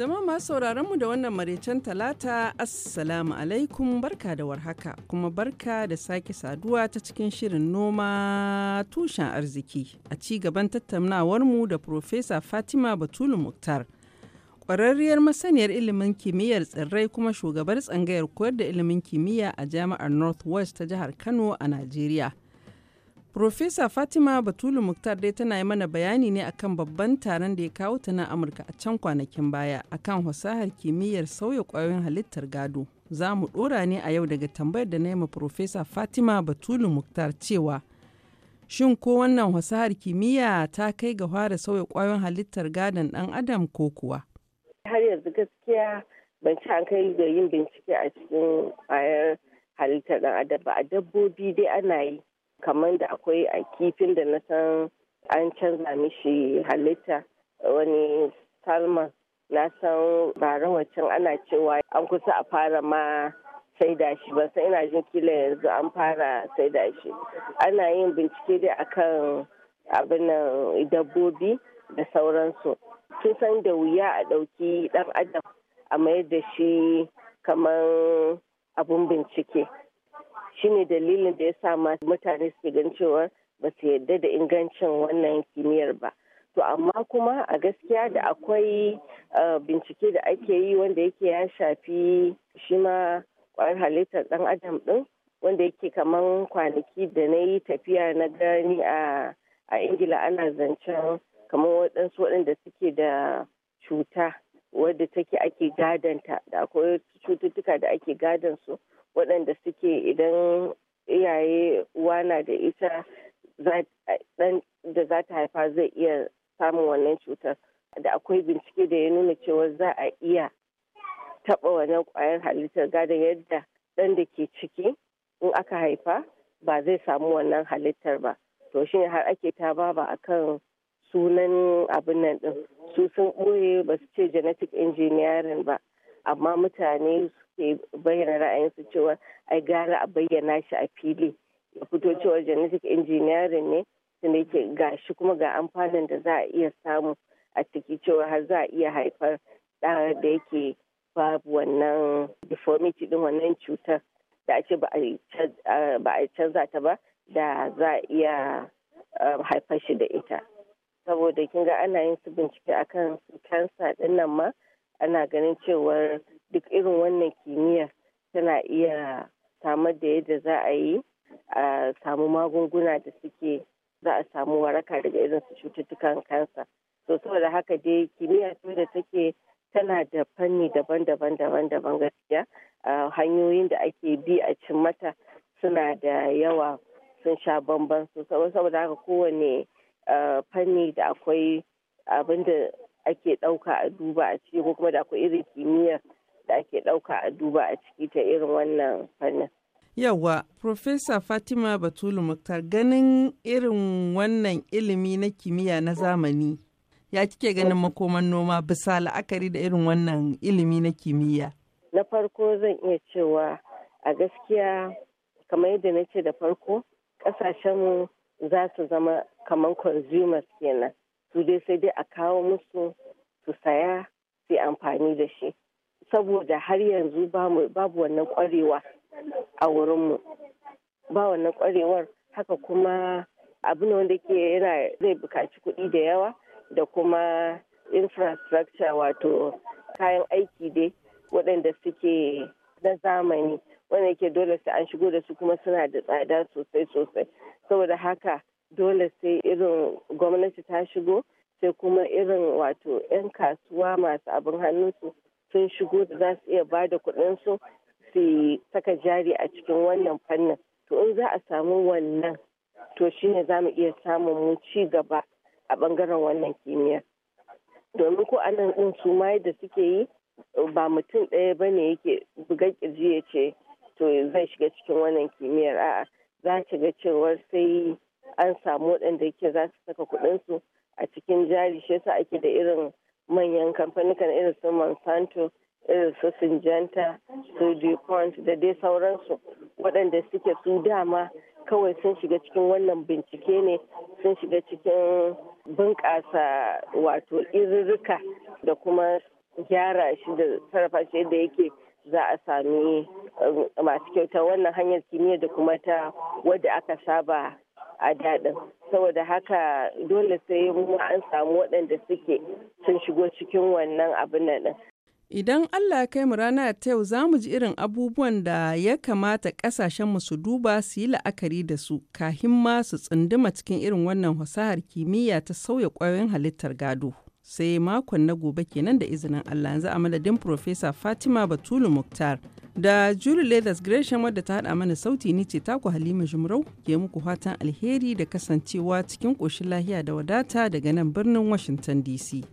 zama masu sauraron mu da wannan maraicen talata assalamu alaikum barka da warhaka kuma barka da sake saduwa ta cikin shirin noma tushen arziki a ci gaban tattaunawar mu da Profesa Fatima Batulu Muktar. Ƙwararriyar masaniyar ilimin kimiyyar tsirrai kuma shugabar tsangayar koyar da ilimin kimiyya a jami'ar Northwest ta jihar Kano a Najeriya. Profesa Fatima Batulu Muktar dai tana yi mana bayani ne akan babban taron da ya kawo ta na Amurka a can kwanakin baya akan fasahar kimiyyar sauya kwayoyin halittar gado. Za mu ɗora ne a yau daga tambayar da na yi ma Profesa Fatima Batulu Muktar cewa shin ko wannan fasahar kimiyya ta kai ga fara sauya kwayoyin halittar gadon ɗan adam ko kuwa? Har yanzu gaskiya ban ci an kai ga yin bincike a cikin kwayar halittar ɗan adam ba a dabbobi dai ana yi kamar da akwai a kifin da na san an canza mishi halitta wani salman na san bara ana cewa an kusa a fara ma saida shi ba sai ina jin kila yanzu an fara saida shi ana yin bincike dai akan abin dabbobi da sauransu kin san da wuya a ɗauki ɗan adam a mayar da shi kamar abun bincike shine dalilin da ya sa mutane suke gan cewa ba su yarda da ingancin wannan kimiyyar ba to amma kuma a gaskiya da akwai eh, bincike da ake yi wanda yake ya shafi shi ma kwayar halittar dan adam din wanda yake kaman kwanaki da na yi tafiya na gani a ingila ana zancen kamar waɗansu waɗanda suke da cuta wadda take ake gadanta da akwai cututtuka da ake gadon su waɗanda suke idan iyaye uwa na da ita ɗan da za ta haifa zai iya samun wannan cutar da akwai bincike da ya nuna cewa za a iya taɓa wannan ƙwayar halittar gada yadda ɗan da ke ciki in aka haifa ba zai samu wannan halittar ba to shi har ake ta a kan sunan abin nan ɗin su sun ɓoye ba su ce genetic engineering ba amma mutane ke bayyana ra'ayinsu cewa ai gara a bayyana shi a fili ya fito cewa genetic engineering ne tunda yake ga shi kuma ga amfanin da za a iya samu a ciki cewa har za a iya haifar da da yake babu wannan deformity din wannan cutar da a ce ba a canza ta ba da za a iya haifar shi da ita saboda kin ga ana yin su bincike akan su kansa din ma ana ganin cewar duk irin wannan kimiyyar tana iya samar da yadda za a yi a samu magunguna da suke za a samu waraka daga irin su cututtukan kansa so saboda haka dai kimiyya su da take tana da fanni daban-daban daban-daban gaskiya hanyoyin da ake bi a cin mata suna da yawa sun sha bamban sosai saboda haka kowane fanni da akwai abin da ake ɗauka a duba a ciki ko kuma da akwai irin kimiyyar ake ɗauka a duba a ciki ta irin wannan fannin. Yawa, Profesa Fatima Batulu Muktar ganin irin wannan ilimi na kimiyya na zamani, ya kike ganin makoman noma bisa la'akari da irin wannan ilimi na kimiyya? Na farko zan iya cewa a gaskiya kamar yadda na ce da farko, ƙasashenmu za su zama kamar consumers kenan. Su dai sai dai a kawo musu su saya sai amfani da shi. saboda har yanzu babu wannan kwarewa a wurinmu ba wannan kwarewar haka kuma abu ne wanda ke yana zai bukaci kuɗi da yawa da kuma infrastructure wato kayan aiki dai waɗanda suke na zamani wanda ke dole sai an shigo da su kuma suna da tsada sosai sosai saboda haka dole sai irin gwamnati ta shigo sai kuma irin wato 'yan kasuwa masu abin hannunsu sun shigo da za su iya bada da kuɗinsu su saka jari a cikin wannan fannin to in za a samu wannan to shine za mu iya samun mu ci gaba a bangaren wannan kimiyya domin ko anan ɗin su ma da suke yi ba mutum ɗaya ba ne yake buga kirji ya ce to zai shiga cikin wannan kimiyyar a'a za a shiga cewar sai an samu waɗanda yake za su saka kuɗinsu a cikin jari shi yasa ake da irin manyan kan irin su monsanto irin su syngenta su dupont da dai sauransu waɗanda suke su dama kawai sun shiga cikin wannan bincike ne sun shiga cikin bunƙasa wato irurruka da kuma gyara shi da sarrafa shi yadda yake za a sami um, masu kyauta wannan hanyar kimiyya da kuma ta wadda aka saba a daɗin saboda haka dole sai mu an samu waɗanda suke sun shigo cikin wannan abin nan Idan Allah ya kai mu rana ta yau za mu ji irin abubuwan da ya kamata mu su duba su yi la'akari da su kahin ma su tsunduma cikin irin wannan fasahar kimiyya ta sauya ƙwayoyin halittar gado. sai makon na gobe kenan da izinin Allah yanzu a madadin Profesa Fatima Batulu mukhtar da Julie Leathers Gresham wadda ta haɗa mana sauti ni ce taku Halima Jumrau ke muku fatan alheri da kasancewa cikin ƙoshin lahiya da wadata daga nan birnin Washington DC.